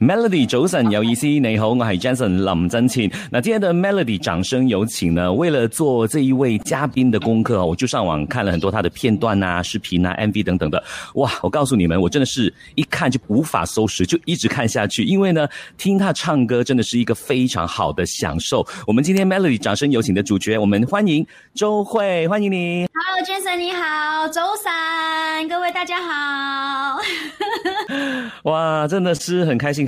Melody 早晨有意思，你好，我係 Jason 林曾前。那今天的 Melody 掌聲有請呢。為了做這一位嘉賓的功課，我就上網看了很多他的片段啊、視頻啊、嗯、MV 等等的。哇，我告訴你們，我真的是一看就無法收拾，就一直看下去。因為呢，聽他唱歌真的是一個非常好的享受。我們今天 Melody 掌聲有請的主角，我們歡迎周蕙，歡迎你。Hello，Jason 你好，周蕙，各位大家好。 哇，真的是很開心。